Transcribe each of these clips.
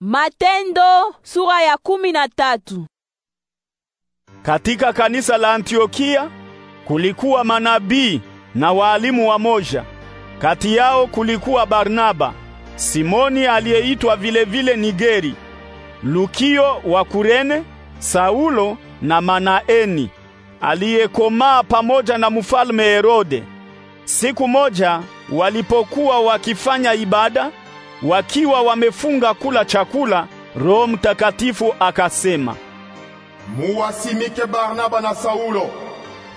Matendo sura ya kumi na tatu. Katika kanisa la Antiokia kulikuwa manabii na waalimu wa moja. Kati yao kulikuwa Barnaba, Simoni aliyeitwa vilevile Nigeri, Lukio wa Kurene, Saulo na Manaeni aliyekomaa pamoja na mfalme Herode. Siku moja walipokuwa wakifanya ibada Wakiwa wamefunga kula chakula, Roho Mtakatifu akasema, muwasimike Barnaba na Saulo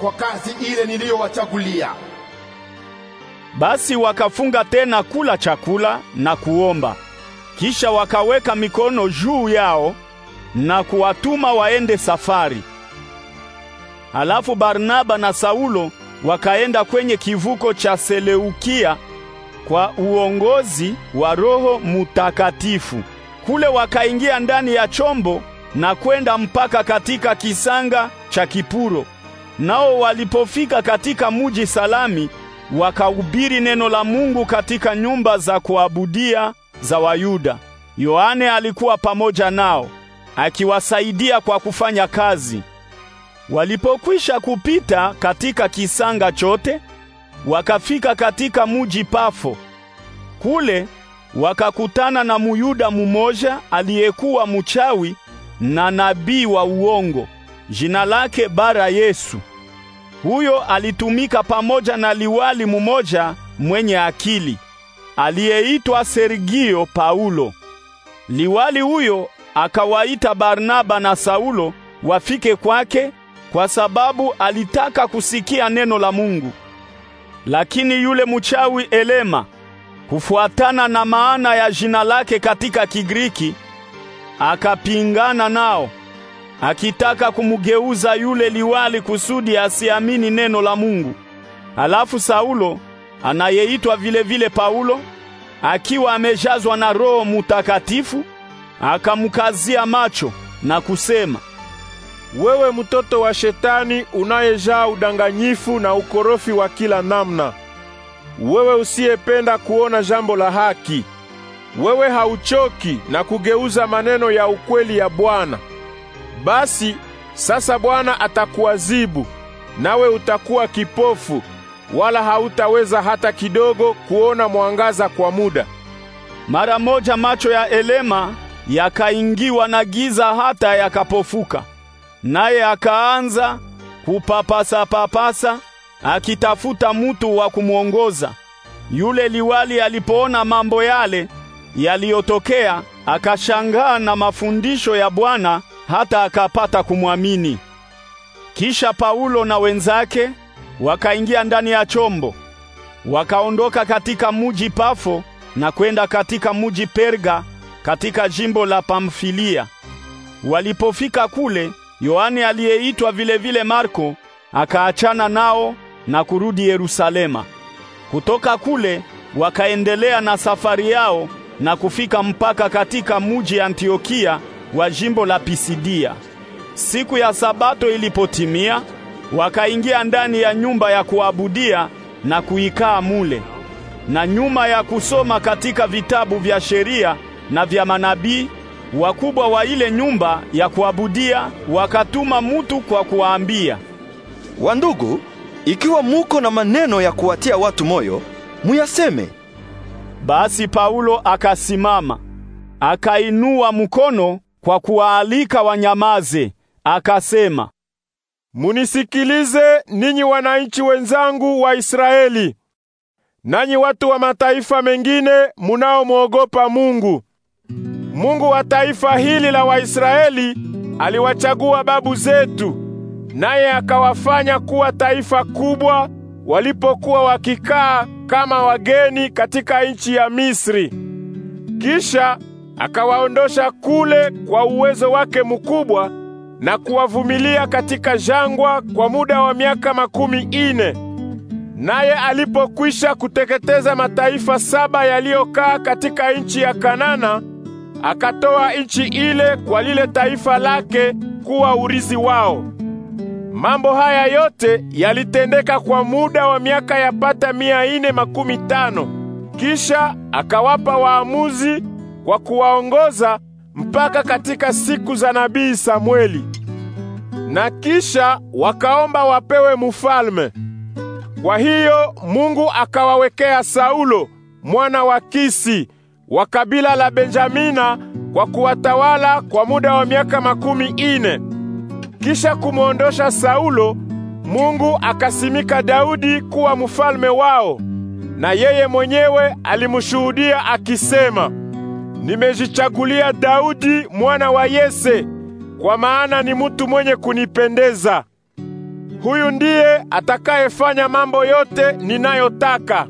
kwa kazi ile niliyowachagulia. Basi wakafunga tena kula chakula na kuomba. Kisha wakaweka mikono juu yao na kuwatuma waende safari. Halafu Barnaba na Saulo wakaenda kwenye kivuko cha Seleukia kwa uongozi wa Roho Mutakatifu. Kule wakaingia ndani ya chombo na kwenda mpaka katika kisanga cha Kipuro. Nao walipofika katika muji Salami, wakahubiri neno la Mungu katika nyumba za kuabudia za Wayuda. Yohane alikuwa pamoja nao akiwasaidia kwa kufanya kazi. Walipokwisha kupita katika kisanga chote, wakafika katika muji Pafo. Kule wakakutana na Muyuda mumoja aliyekuwa muchawi na nabii wa uongo, jina lake Bara Yesu. Huyo alitumika pamoja na liwali mumoja mwenye akili aliyeitwa Sergio Paulo. Liwali huyo akawaita Barnaba na Saulo wafike kwake kwa sababu alitaka kusikia neno la Mungu. Lakini yule mchawi Elema, kufuatana na maana ya jina lake katika Kigiriki, akapingana nao, akitaka kumgeuza yule liwali kusudi asiamini neno la Mungu. Alafu Saulo anayeitwa vile vile Paulo, akiwa amejazwa na Roho Mutakatifu, akamkazia macho na kusema, wewe mtoto wa Shetani unayejaa udanganyifu na ukorofi wa kila namna, wewe usiyependa kuona jambo la haki, wewe hauchoki na kugeuza maneno ya ukweli ya Bwana. Basi sasa Bwana atakuadhibu, nawe utakuwa kipofu, wala hautaweza hata kidogo kuona mwangaza kwa muda. Mara moja macho ya Elema yakaingiwa na giza hata yakapofuka naye akaanza kupapasa-papasa akitafuta mutu wa kumwongoza. Yule liwali alipoona mambo yale yaliyotokea, akashangaa na mafundisho ya Bwana hata akapata kumwamini. Kisha Paulo na wenzake wakaingia ndani ya chombo, wakaondoka katika muji Pafo na kwenda katika muji Perga katika jimbo la Pamfilia. Walipofika kule Yohane aliyeitwa vilevile Marko akaachana nao na kurudi Yerusalema. Kutoka kule wakaendelea na safari yao na kufika mpaka katika muji Antiokia wa jimbo la Pisidia. Siku ya Sabato ilipotimia, wakaingia ndani ya nyumba ya kuabudia na kuikaa mule. Na nyuma ya kusoma katika vitabu vya sheria na vya manabii, wakubwa wa ile nyumba ya kuabudia wakatuma mutu kwa kuwaambia, wandugu, ikiwa muko na maneno ya kuwatia watu moyo, muyaseme. Basi Paulo akasimama, akainua mkono kwa kuwaalika wanyamaze, akasema, munisikilize ninyi wananchi wenzangu wa Israeli, nanyi watu wa mataifa mengine munaomwogopa Mungu. Mungu wa taifa hili la Waisraeli aliwachagua babu zetu, naye akawafanya kuwa taifa kubwa walipokuwa wakikaa kama wageni katika nchi ya Misri. Kisha akawaondosha kule kwa uwezo wake mkubwa na kuwavumilia katika jangwa kwa muda wa miaka makumi ine. Naye alipokwisha kuteketeza mataifa saba yaliyokaa katika nchi ya Kanana, akatoa nchi ile kwa lile taifa lake kuwa urithi wao. Mambo haya yote yalitendeka kwa muda wa miaka pata mia ine makumi tano. Kisha akawapa waamuzi kwa kuwaongoza mpaka katika siku za nabii Samweli. Na kisha wakaomba wapewe mfalme. Kwa hiyo Mungu akawawekea Saulo mwana wa Kisi wa kabila la Benjamina kwa kuwatawala kwa muda wa miaka makumi ine. Kisha kumwondosha Saulo, Mungu akasimika Daudi kuwa mfalme wao, na yeye mwenyewe alimshuhudia akisema, nimejichagulia Daudi mwana wa Yese, kwa maana ni mutu mwenye kunipendeza. Huyu ndiye atakayefanya mambo yote ninayotaka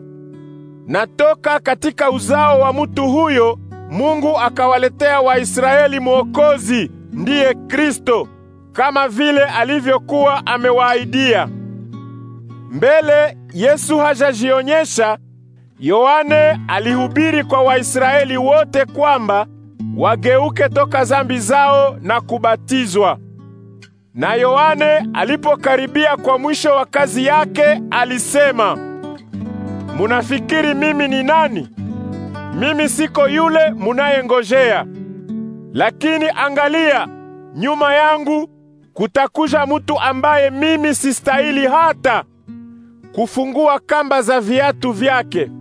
na toka katika uzao wa mtu huyo Mungu akawaletea Waisraeli mwokozi, ndiye Kristo, kama vile alivyokuwa amewaahidia. Mbele Yesu hajajionyesha, Yohane alihubiri kwa Waisraeli wote kwamba wageuke toka zambi zao na kubatizwa. Na Yohane alipokaribia kwa mwisho wa kazi yake alisema Munafikiri mimi ni nani? Mimi siko yule munayengojea. Lakini angalia, nyuma yangu kutakuja mutu ambaye mimi sistahili hata kufungua kamba za viatu vyake.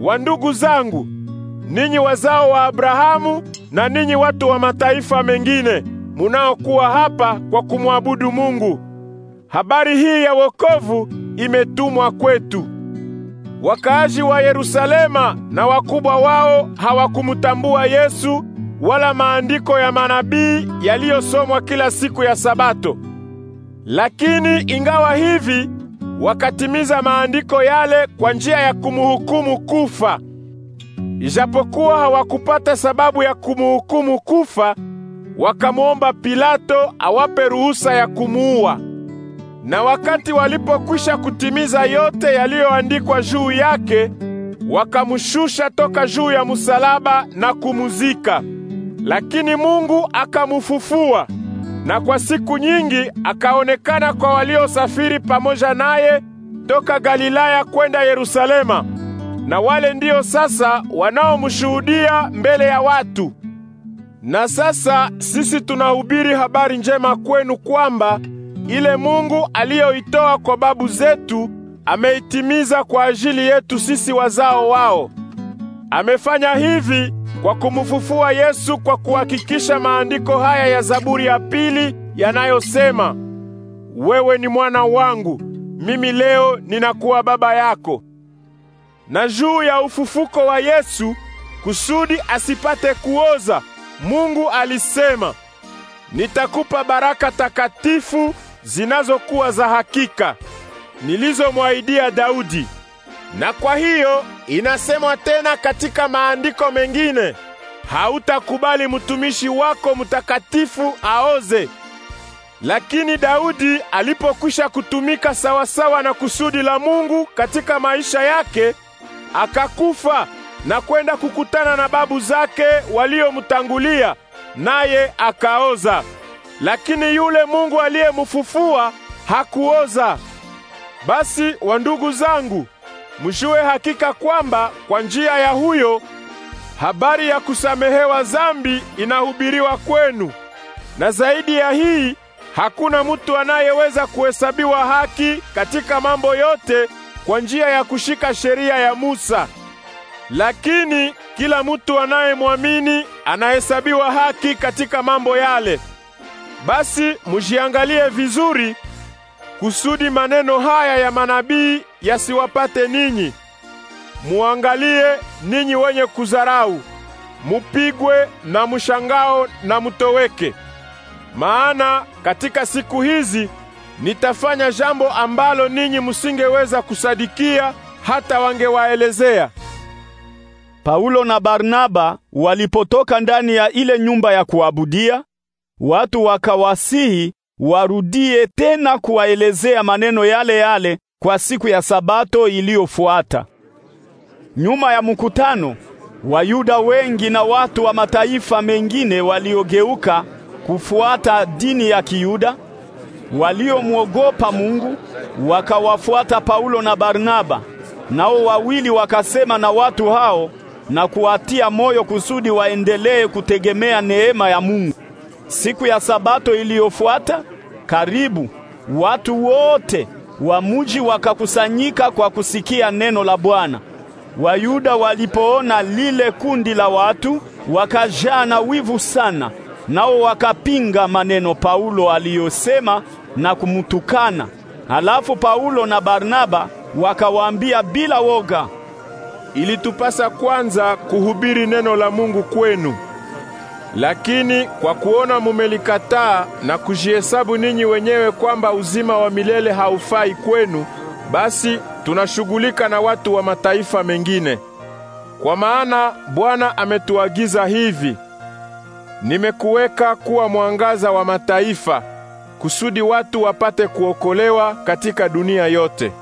Wandugu zangu, ninyi wazao wa Abrahamu na ninyi watu wa mataifa mengine munaokuwa hapa kwa kumwabudu Mungu, habari hii ya wokovu imetumwa kwetu. Wakaaji wa Yerusalema na wakubwa wao hawakumtambua Yesu wala maandiko ya manabii yaliyosomwa kila siku ya Sabato. Lakini ingawa hivi, wakatimiza maandiko yale kwa njia ya kumhukumu kufa. Ijapokuwa hawakupata sababu ya kumhukumu kufa, wakamwomba Pilato awape ruhusa ya kumuua. Na wakati walipokwisha kutimiza yote yaliyoandikwa juu yake, wakamshusha toka juu ya musalaba na kumuzika. Lakini Mungu akamufufua, na kwa siku nyingi akaonekana kwa waliosafiri pamoja naye toka Galilaya kwenda Yerusalema, na wale ndio sasa wanaomshuhudia mbele ya watu. Na sasa sisi tunahubiri habari njema kwenu kwamba ile Mungu aliyoitoa kwa babu zetu ameitimiza kwa ajili yetu sisi wazao wao. Amefanya hivi kwa kumfufua Yesu kwa kuhakikisha maandiko haya ya Zaburi ya pili yanayosema, wewe ni mwana wangu, mimi leo ninakuwa baba yako. Na juu ya ufufuko wa Yesu, kusudi asipate kuoza, Mungu alisema, nitakupa baraka takatifu zinazokuwa za hakika nilizomwaidia Daudi. Na kwa hiyo inasemwa tena katika maandiko mengine, hautakubali mtumishi wako mtakatifu aoze. Lakini Daudi alipokwisha kutumika sawasawa na kusudi la Mungu katika maisha yake, akakufa na kwenda kukutana na babu zake waliomtangulia, naye akaoza lakini yule Mungu aliyemufufua hakuoza. Basi wandugu zangu, mjue hakika kwamba kwa njia ya huyo habari ya kusamehewa zambi inahubiriwa kwenu, na zaidi ya hii hakuna mtu anayeweza kuhesabiwa haki katika mambo yote kwa njia ya kushika sheria ya Musa. Lakini kila mtu anayemwamini anahesabiwa haki katika mambo yale. Basi mujiangalie vizuri kusudi maneno haya ya manabii yasiwapate ninyi. Muangalie ninyi wenye kuzarau, mupigwe na mshangao na mutoweke. Maana katika siku hizi nitafanya jambo ambalo ninyi musingeweza kusadikia hata wangewaelezea. Paulo na Barnaba walipotoka ndani ya ile nyumba ya kuabudia, watu wakawasihi warudie tena kuwaelezea maneno yale yale kwa siku ya Sabato iliyofuata. Nyuma ya mkutano, Wayuda wengi na watu wa mataifa mengine waliogeuka kufuata dini ya Kiyuda waliomwogopa Mungu wakawafuata Paulo na Barnaba, nao wawili wakasema na watu hao na kuwatia moyo kusudi waendelee kutegemea neema ya Mungu. Siku ya Sabato iliyofuata, karibu watu wote wa mji wakakusanyika kwa kusikia neno la Bwana. Wayuda walipoona lile kundi la watu wakajaa na wivu sana, nao wakapinga maneno Paulo aliyosema na kumtukana. Halafu Paulo na Barnaba wakawaambia bila woga, ilitupasa kwanza kuhubiri neno la Mungu kwenu lakini kwa kuona mumelikataa na kujihesabu ninyi wenyewe kwamba uzima wa milele haufai kwenu, basi tunashughulika na watu wa mataifa mengine. Kwa maana Bwana ametuagiza hivi: Nimekuweka kuwa mwangaza wa mataifa kusudi watu wapate kuokolewa katika dunia yote.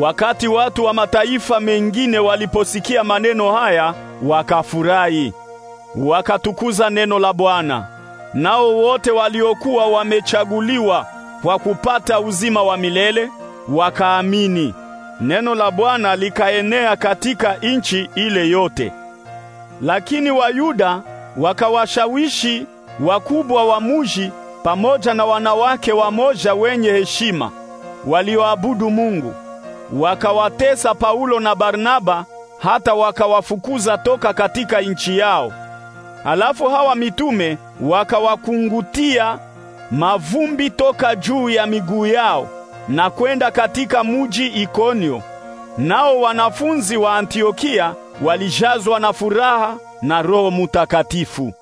Wakati watu wa mataifa mengine waliposikia maneno haya, wakafurahi wakatukuza neno la Bwana. Nao wote waliokuwa wamechaguliwa kwa kupata uzima wa milele wakaamini. Neno la Bwana likaenea katika nchi ile yote. Lakini Wayuda wakawashawishi wakubwa wa muji pamoja na wanawake wamoja wenye heshima walioabudu Mungu. Wakawatesa Paulo na Barnaba hata wakawafukuza toka katika nchi yao. Halafu hawa mitume wakawakungutia mavumbi toka juu ya miguu yao na kwenda katika muji Ikonio. Nao wanafunzi wa Antiokia walijazwa na furaha na Roho Mutakatifu.